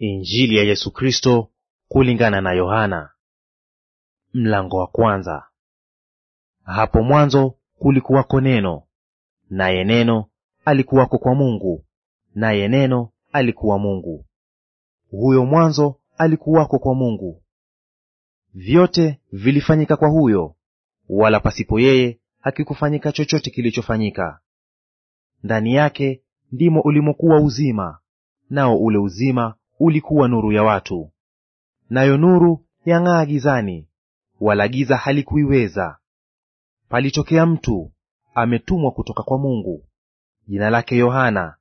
Injili ya Yesu Kristo kulingana na Yohana mlango wa kwanza. Hapo mwanzo kulikuwako neno, naye neno alikuwako kwa Mungu, naye neno alikuwa Mungu. Huyo mwanzo alikuwako kwa Mungu. Vyote vilifanyika kwa huyo, wala pasipo yeye hakikufanyika chochote kilichofanyika. Ndani yake ndimo ulimokuwa uzima, nao ule uzima ulikuwa nuru ya watu, nayo nuru yang'aa gizani, wala giza halikuiweza. Palitokea mtu ametumwa kutoka kwa Mungu, jina lake Yohana.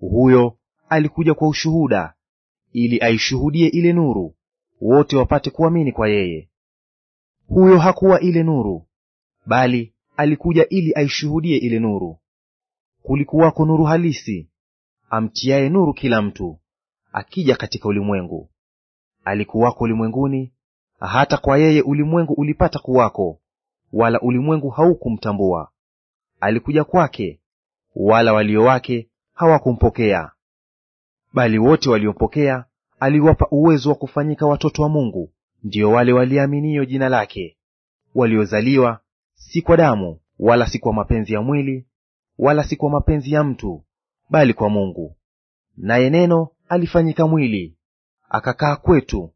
Huyo alikuja kwa ushuhuda, ili aishuhudie ile nuru, wote wapate kuamini kwa yeye. Huyo hakuwa ile nuru, bali alikuja ili aishuhudie ile nuru. Kulikuwako nuru halisi amtiaye nuru kila mtu akija katika ulimwengu. Alikuwako ulimwenguni, hata kwa yeye ulimwengu ulipata kuwako, wala ulimwengu haukumtambua. Alikuja kwake, wala walio wake hawakumpokea. Bali wote waliompokea aliwapa uwezo wa kufanyika watoto wa Mungu, ndio wale waliaminio jina lake, waliozaliwa si kwa damu, wala si kwa mapenzi ya mwili, wala si kwa mapenzi ya mtu, bali kwa Mungu. Naye neno alifanyika mwili akakaa kwetu,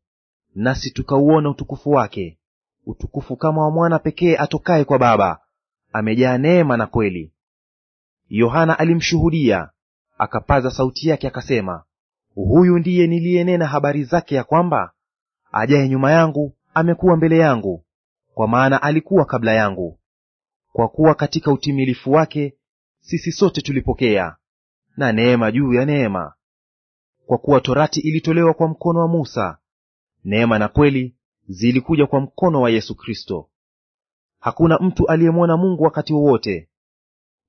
nasi tukauona utukufu wake, utukufu kama wa mwana pekee atokaye kwa Baba, amejaa neema na kweli. Yohana alimshuhudia akapaza sauti yake akasema, huyu ndiye niliyenena habari zake, ya kwamba ajaye nyuma yangu amekuwa mbele yangu, kwa maana alikuwa kabla yangu. Kwa kuwa katika utimilifu wake sisi sote tulipokea, na neema juu ya neema. Kwa kuwa torati ilitolewa kwa mkono wa Musa, neema na kweli zilikuja kwa mkono wa Yesu Kristo. Hakuna mtu aliyemwona Mungu wakati wowote.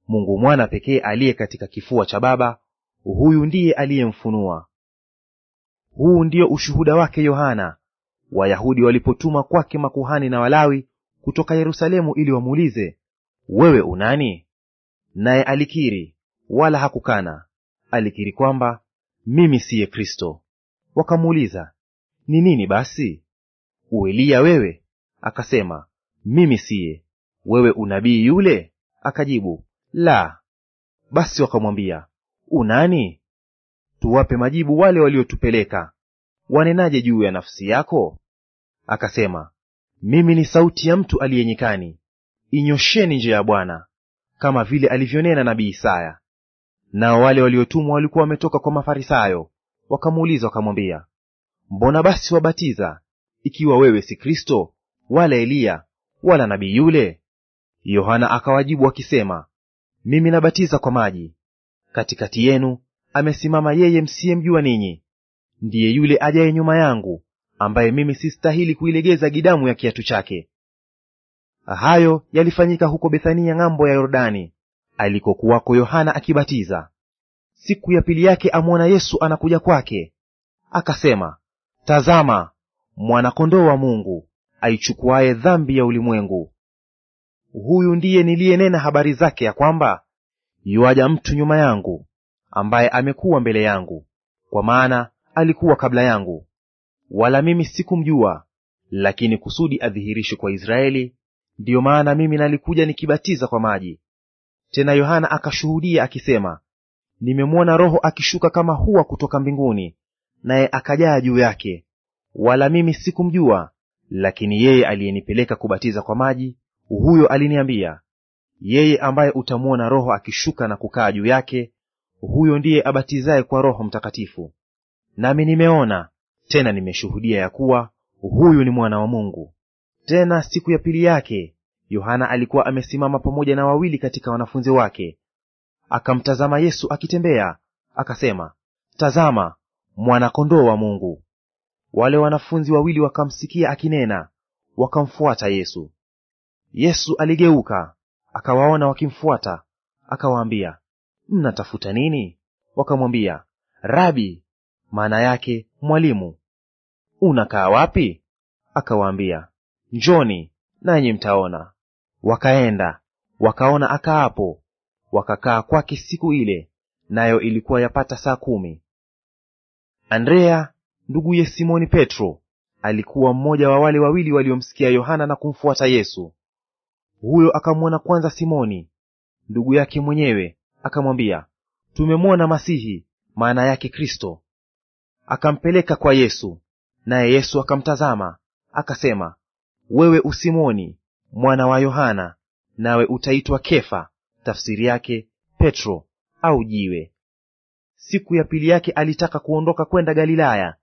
Mungu mwana pekee aliye katika kifua cha Baba, huyu ndiye aliyemfunua. Huu ndio ushuhuda wake Yohana, Wayahudi walipotuma kwake makuhani na Walawi kutoka Yerusalemu ili wamuulize, wewe unani? Naye alikiri, wala hakukana. Alikiri kwamba mimi siye Kristo. Wakamuuliza, ni nini basi? Ueliya wewe? Akasema, mimi siye. Wewe unabii yule? Akajibu, la. Basi wakamwambia, unani? Tuwape majibu wale waliotupeleka. Wanenaje juu ya nafsi yako? Akasema, mimi ni sauti ya mtu aliyenyikani inyosheni njia ya Bwana, kama vile alivyonena nabii Isaya. Nao wale waliotumwa walikuwa wametoka kwa Mafarisayo, wakamuuliza wakamwambia, mbona basi wabatiza, ikiwa wewe si Kristo wala Eliya wala nabii yule? Yohana akawajibu akisema, mimi nabatiza kwa maji, katikati yenu amesimama yeye msiyemjua ninyi, ndiye yule ajaye nyuma yangu, ambaye mimi sistahili kuilegeza gidamu ya kiatu chake. Hayo yalifanyika huko Bethania ng'ambo ya Yordani alikokuwako Yohana akibatiza. Siku ya pili yake amwona Yesu anakuja kwake, akasema, Tazama mwana-kondoo wa Mungu aichukuaye dhambi ya ulimwengu. Huyu ndiye niliyenena habari zake, ya kwamba yuaja mtu nyuma yangu, ambaye amekuwa mbele yangu, kwa maana alikuwa kabla yangu, wala mimi sikumjua, lakini kusudi adhihirishwe kwa Israeli, ndiyo maana mimi nalikuja nikibatiza kwa maji tena Yohana akashuhudia akisema, nimemwona Roho akishuka kama hua kutoka mbinguni, naye akajaa juu yake. Wala mimi sikumjua, lakini yeye aliyenipeleka kubatiza kwa maji, huyo aliniambia, yeye ambaye utamwona Roho akishuka na kukaa juu yake, huyo ndiye abatizaye kwa Roho Mtakatifu. Nami nimeona tena nimeshuhudia ya kuwa huyu ni mwana wa Mungu. Tena siku ya pili yake Yohana alikuwa amesimama pamoja na wawili katika wanafunzi wake. Akamtazama Yesu akitembea, akasema, Tazama, mwana-kondoo wa Mungu. Wale wanafunzi wawili wakamsikia akinena, wakamfuata Yesu. Yesu aligeuka, akawaona wakimfuata, akawaambia, mnatafuta nini? Wakamwambia, Rabi, maana yake mwalimu. Unakaa wapi? Akawaambia, njoni nanyi mtaona. Wakaenda wakaona akaapo, wakakaa kwake siku ile, nayo ilikuwa yapata saa kumi. Andrea nduguye Simoni Petro alikuwa mmoja wa wale wawili waliomsikia Yohana na kumfuata Yesu. Huyo akamwona kwanza Simoni ndugu yake mwenyewe, akamwambia, tumemwona Masihi, maana yake Kristo. Akampeleka kwa Yesu, naye Yesu akamtazama, akasema, wewe usimoni mwana wa Yohana, nawe utaitwa Kefa, tafsiri yake Petro au jiwe. Siku ya pili yake alitaka kuondoka kwenda Galilaya,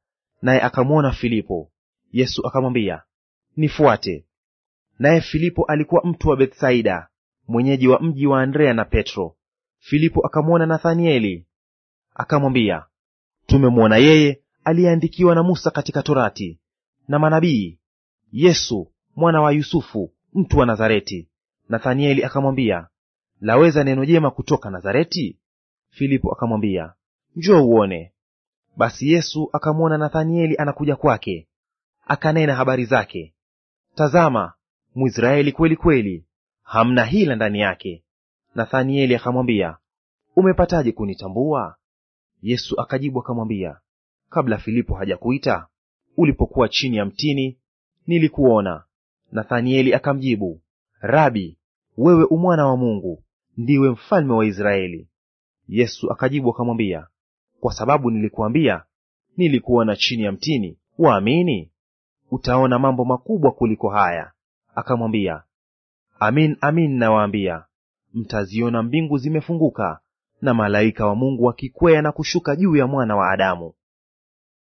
naye akamwona Filipo. Yesu akamwambia, nifuate. Naye Filipo alikuwa mtu wa Bethsaida, mwenyeji wa mji wa Andrea na Petro. Filipo akamwona Nathanieli akamwambia, tumemwona yeye aliyeandikiwa na Musa katika Torati na manabii, Yesu mwana wa Yusufu mtu wa Nazareti. Nathanieli akamwambia, laweza neno jema kutoka Nazareti? Filipo akamwambia, njoo uone. Basi Yesu akamwona Nathanieli anakuja kwake, akanena habari zake, tazama, Mwisraeli kweli kweli, hamna hila ndani yake. Nathanieli akamwambia, umepataje kunitambua? Yesu akajibu akamwambia, kabla Filipo hajakuita, ulipokuwa chini ya mtini, nilikuona Nathanieli akamjibu, Rabi, wewe umwana wa Mungu, ndiwe mfalme wa Israeli. Yesu akajibu akamwambia, kwa sababu nilikuambia, nilikuona chini ya mtini, waamini? Utaona mambo makubwa kuliko haya. Akamwambia, amin, amin nawaambia, mtaziona mbingu zimefunguka na malaika wa Mungu wakikwea na kushuka juu ya mwana wa Adamu.